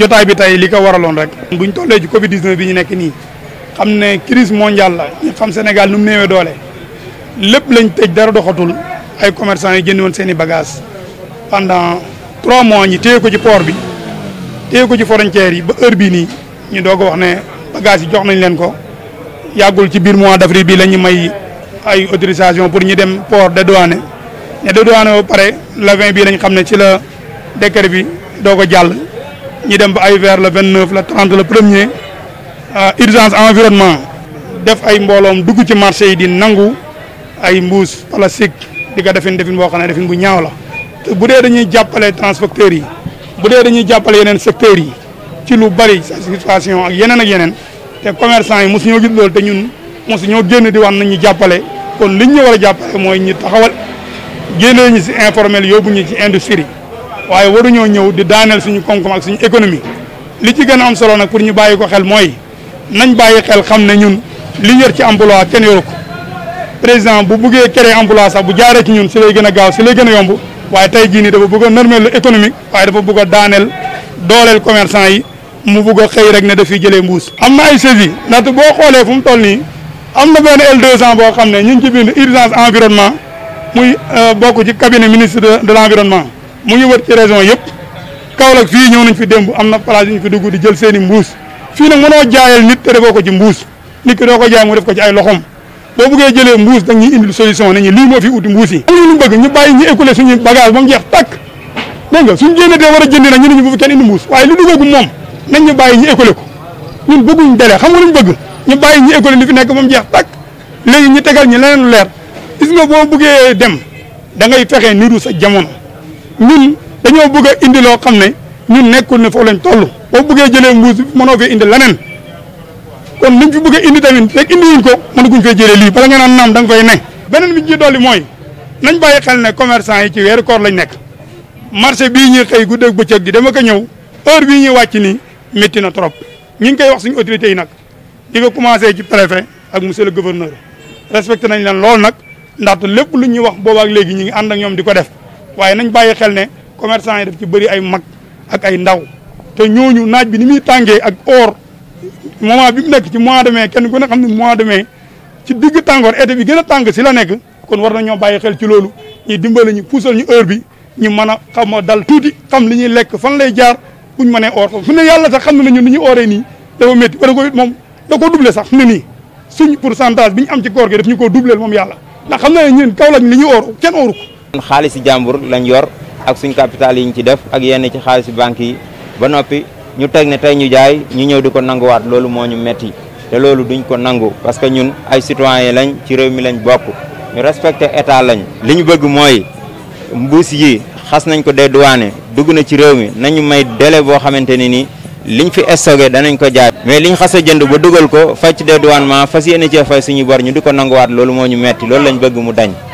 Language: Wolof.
jotaay bi tey li ko waraloon rek. bu ñu tollee ci Covid 19 bi ñu nekk nii xam ne crise mondiale la ñu xam Sénégal nu mu néewee doole lépp lañ tëj dara doxatul ay commerçant yi jënd woon seen i bagages pendant trois mois ñi téye ko ci poor bi téye ko ci frontière yi ba heure bii nii ñu doog a wax ne bagages yi jox nañ leen ko yàggul ci biir mois d'avril bi la ñu may ay autorisation pour ñu dem port de douane ne de douane ba pare le 20 bii lañ xam ne ci la décret bi doog a jàll. ñi dem ba ay vers le vingt neuf le trente le premier urgence environnement def ay mbooloom dugg ci marché yi di nangu ay mbuus plastique di ko defin defin boo xam ne defin bu ñaaw la bu dee dañuy jàppale transporteurs yi bu dee dañuy jàppale yeneen secteurs yi ci lu bari satisfaction ak yeneen ak yeneen te commerçant yi mosu ñoo gis loolu te ñun mosu ñoo génn di wax nañ ñu jàppale kon liñ ñu war a jàppale mooy ñu taxawal génnee ñu si informel yóbbu ñu ci industrie waaye waruñoo ñëw di daaneel suñu koom-koom ak suñu économie li ci gën am solo nag pour ñu bàyyi ko xel mooy nañ bàyyi xel xam ne ñun li ñu yor ci emploi kenn yoru ko bu buggee créer emploi sax bu jaaree ci ñun si lay gën a gaaw si lay gën a yomb waaye tey jii nii dafa bëgg a normal économique waaye dafa bëgg a daaneel dooleel commerçant yi mu bëgg a xëy rek ne dafiy jëlee mbuus. am na ay saisi ndaxte boo xoolee fu mu toll nii am na benn L200 boo xam ne ñu ngi ci bind urgence environnement muy euh, bokk ci cabinet ministre de l'environnement. mu ngi wër ci région yëpp Kaolack fii ñëw nañ fi démb am na place yu ñu fi dugg di jël seeni i mbuus fii nag mënoo jaayal nit te defoo ko ci mbuus nit ki doo ko jaay mu def ko ci ay loxom boo bëggee jëlee mbuus da ñuy indil solution nañu lii moo fi uti mbuus yi. am ñu bëgg ñu bàyyi ñu écouler suñu war a jëndi nag ñu ne ñu bu fi kenn indi mbuus waaye lu duggagu moom nañ ñu bàyyi ñu écouler ko ñun bëgguñ délai xam nga luñ bëgg ñu bàyyi ñu écouler li fi nekk ba mu jeex tàkk léegi ñu tegal ñu leneen lu leer gis nga boo bëggee dem da ngay fexe niru sa jamono ñun dañoo bugg indi loo xam ne ñun nekkul ne foofu lañ toll boo buggee jëlee mbuus mënoo fee indi leneen kon liñ fi bëgg a indi tamit rek indi wuñ ko kuñ fee jëlee lii bala nga naan naam da nga fay ne beneen bi ñu ci dolli mooy nañ bàyyi xel ne commerçant yi ci weeru koor lañ nekk marché bii ñuy xëy guddeeg bëccëg gi dama ko ñëw heure bii ñuy wàcc nii métti na trop ñi ngi koy wax suñu autorités yi nag di ko commencé ci préfet ak monsieur le gouverneur respecté nañ leen lool nag ndaxte lépp lu ñuy wax boobaak léegi ñu ngi ànd ak ñoom di ko def waaye nañ bàyyi xel ne commerçant yi daf ci bëri ay mag ak ay ndaw te ñooñu naaj bi ni muy tàngee ak or moment bi mu nekk ci mois de mai kenn ku ne xam ne mois de mai ci digg tàngoor été bi gën a tàng si la nekk kon war na ñoo bàyyi xel ci loolu ñu dimbale ñu puusal ñu heure bi ñu mën a xam a dal tuuti xam li ñuy lekk fan lay jaar buñ mënee or fa fu yàlla sax xam na ne ñun li ñuy ooree nii dafa métti wala ko moom da ko sax ne nii suñ pourcentage bi ñu am ci koor gi daf ñu koo doublé moom yàlla ndax xam na ne ñun kaw li ñuy or kenn ooru xaalisi jambour lañ yor ak suñu capital yiñ ci def ak yenn ci xaalisi banki ba nopi ñu tek ne tay ñu jaay ñu ñew diko nangu nanguwaat lolu moo ñu metti té lolu duñ ko nangu parce que ñun ay citoyens lañ ci réew mi lañ bokk ñu respecté état lañ liñu bëgg moy mbuss yi xass nañ ko dé douane dugg na ci réew mi nañu may délai bo xamanteni ni liñ fi stocké danañ ko jaay mais liñ xasa jënd bu duggal ko dé faj dédouanement fas yéene ci fay suñu bor ñu diko nangu nanguwaat lolu moo ñu metti lolu lañ bëgg mu dañ